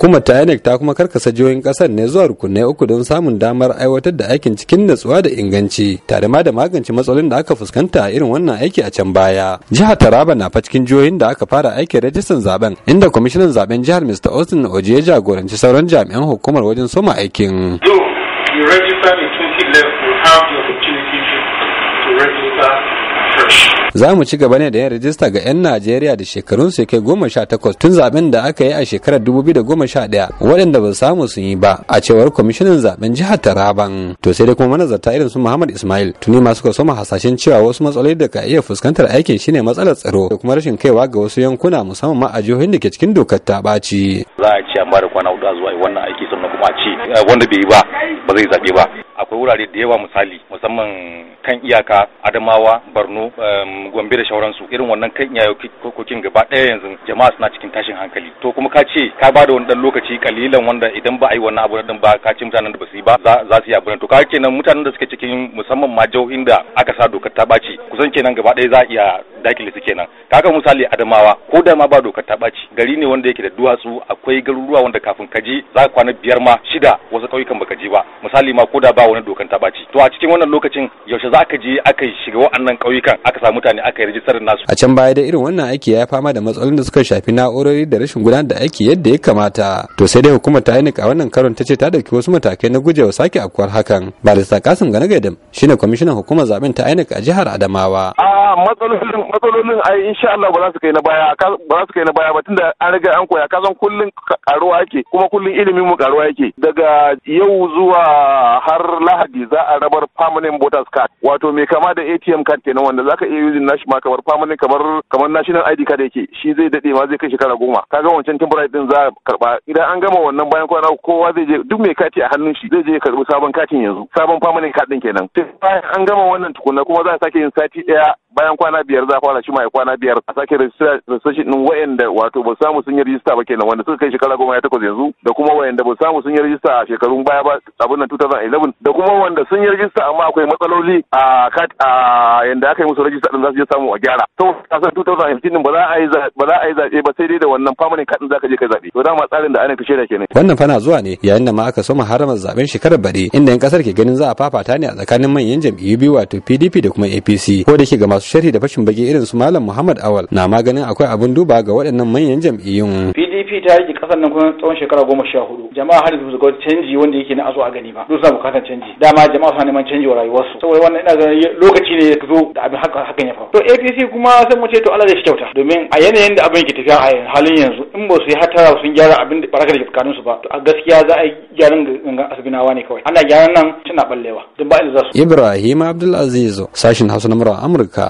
hukumar ta inec ta kuma karkasa jihohin kasar ne zuwa rukunai uku don samun damar aiwatar da aikin cikin natsuwa da inganci tare ma da magance matsalolin da aka fuskanta a irin wannan aiki a can baya jihar taraba na fa cikin jihohin da aka fara aikin rajistan zaben inda kwamishinan zaben jihar mr austin oji ya jagoranci sauran jami'an hukumar wajen soma aikin register in 2011 you have the opportunity to register fresh za mu ci gaba ne da yin rajista ga 'yan najeriya da su ya kai goma sha takwas tun zaben da aka yi a shekarar dubu biyu da goma sha ɗaya waɗanda ba samu sun yi ba a cewar kwamishinan zaben jihar taraban to sai dai kuma manazarta irin su muhammad ismail tuni ma suka soma hasashen cewa wasu matsaloli da ka iya fuskantar aikin shine matsalar tsaro da kuma rashin kaiwa ga wasu yankuna musamman ma a jihohin da ke cikin dokar ta ɓaci. za a ce a mara kwana hudu a zuwa wannan aiki sannan kuma a ce wanda bai yi ba ba zai zaɓe ba akwai wurare da yawa misali musamman kan iyaka adamawa barno gombe da shauransu irin wannan kan kokokin gaba ɗaya yanzu jama'a suna cikin tashin hankali to kuma ka ce ka ba da wani dan lokaci kalilan wanda idan ba a yi wannan abu na ba ka ce mutanen da ba su yi ba za su yi abu to ka kenan mutanen da suke cikin musamman ma jihohin da aka sa dokar ta ɓaci kusan kenan gaba ɗaya za a iya dakile su kenan kaga misali adamawa ko da ma ba dokar ta ɓaci gari ne wanda yake da duwatsu akwai garuruwa wanda kafin ka je za ka kwana biyar ma shida wasu ƙauyukan baka je ba misali ma ko da ba wani dokar ta ɓaci to a cikin wannan lokacin yaushe za ka je aka shiga wa'annan ƙauyukan aka sa mutane aka yi rijistar nasu a can baya da irin wannan aiki ya fama da matsalolin da suka shafi na'urori da rashin gudanar da aiki yadda ya kamata to sai dai hukumar ta a wannan karon ta ce ta dauki wasu matakai na gujewa sake afkuwar hakan barista kasim ganagadam shine kwamishinan hukumar zaben ta INEC a jihar adamawa matsalolin matsalolin ai insha Allah ba za su kai na baya ba za su kai na baya ba tunda an riga an koya kasan kullun karuwa yake kuma kullun ilimin mu karuwa yake daga yau zuwa har Lahadi za a rabar permanent voters card wato mai kama da ATM card kenan wanda zaka iya using nashi ma kamar permanent kamar kamar national ID card yake shi zai dade ma zai kai shekara goma kaga wancan temporary din za a karba idan an gama wannan bayan kwana kowa zai je duk mai kati a hannun shi zai je ya karbi sabon katin yanzu sabon permanent card din kenan bayan an gama wannan tukuna kuma za a sake yin sati daya bayan kwana biyar za a fara shi ma kwana biyar a sake registration din wayanda wato ba samu sun yi rijista ba kenan wanda suka kai shekara goma ya takwas yanzu da kuma wayanda ba samu sun yi rijista a shekarun baya ba abin nan 2011 da kuma wanda sun yi rijista amma akwai matsaloli a kat a yanda aka yi musu rijista ɗin za su je samu a gyara to kasan 2015 ɗin ba za a yi ba za a yi ba sai dai da wannan famanin kaɗin za ka je kai zaɓe. to dama tsarin da ana fi shaida kenan wannan fana zuwa ne yayin da ma aka soma haramar zaɓen shekarar bare inda yan ƙasar ke ganin za a fafata ne a tsakanin manyan jam'iyyu biyu wato PDP da kuma APC ko da ke gama masu sharhi da fashin bage irin su malam muhammad awal na maganin akwai abin duba ga waɗannan manyan jam'iyyun pdp ta yi ƙasar nan kuma tsawon shekara goma sha hudu jama'a har yanzu ga canji wanda yake na azo a gani ba duk suna bukatar canji dama jama'a suna neman canji wa rayuwarsu saboda wannan ina ganin lokaci ne ya zo da abin hakan ya faru to apc kuma sai mu ce to Allah zai shi kyauta domin a yanayin da abin ke tafiya a halin yanzu in ba su yi hatara sun gyara abin da baraka da tsakanin su ba to a gaskiya za a yi gyaran gangan asibinawa ne kawai ana gyaran nan tana ballewa duk ba inda za su Ibrahim Abdulaziz sashin Hausa na Amurka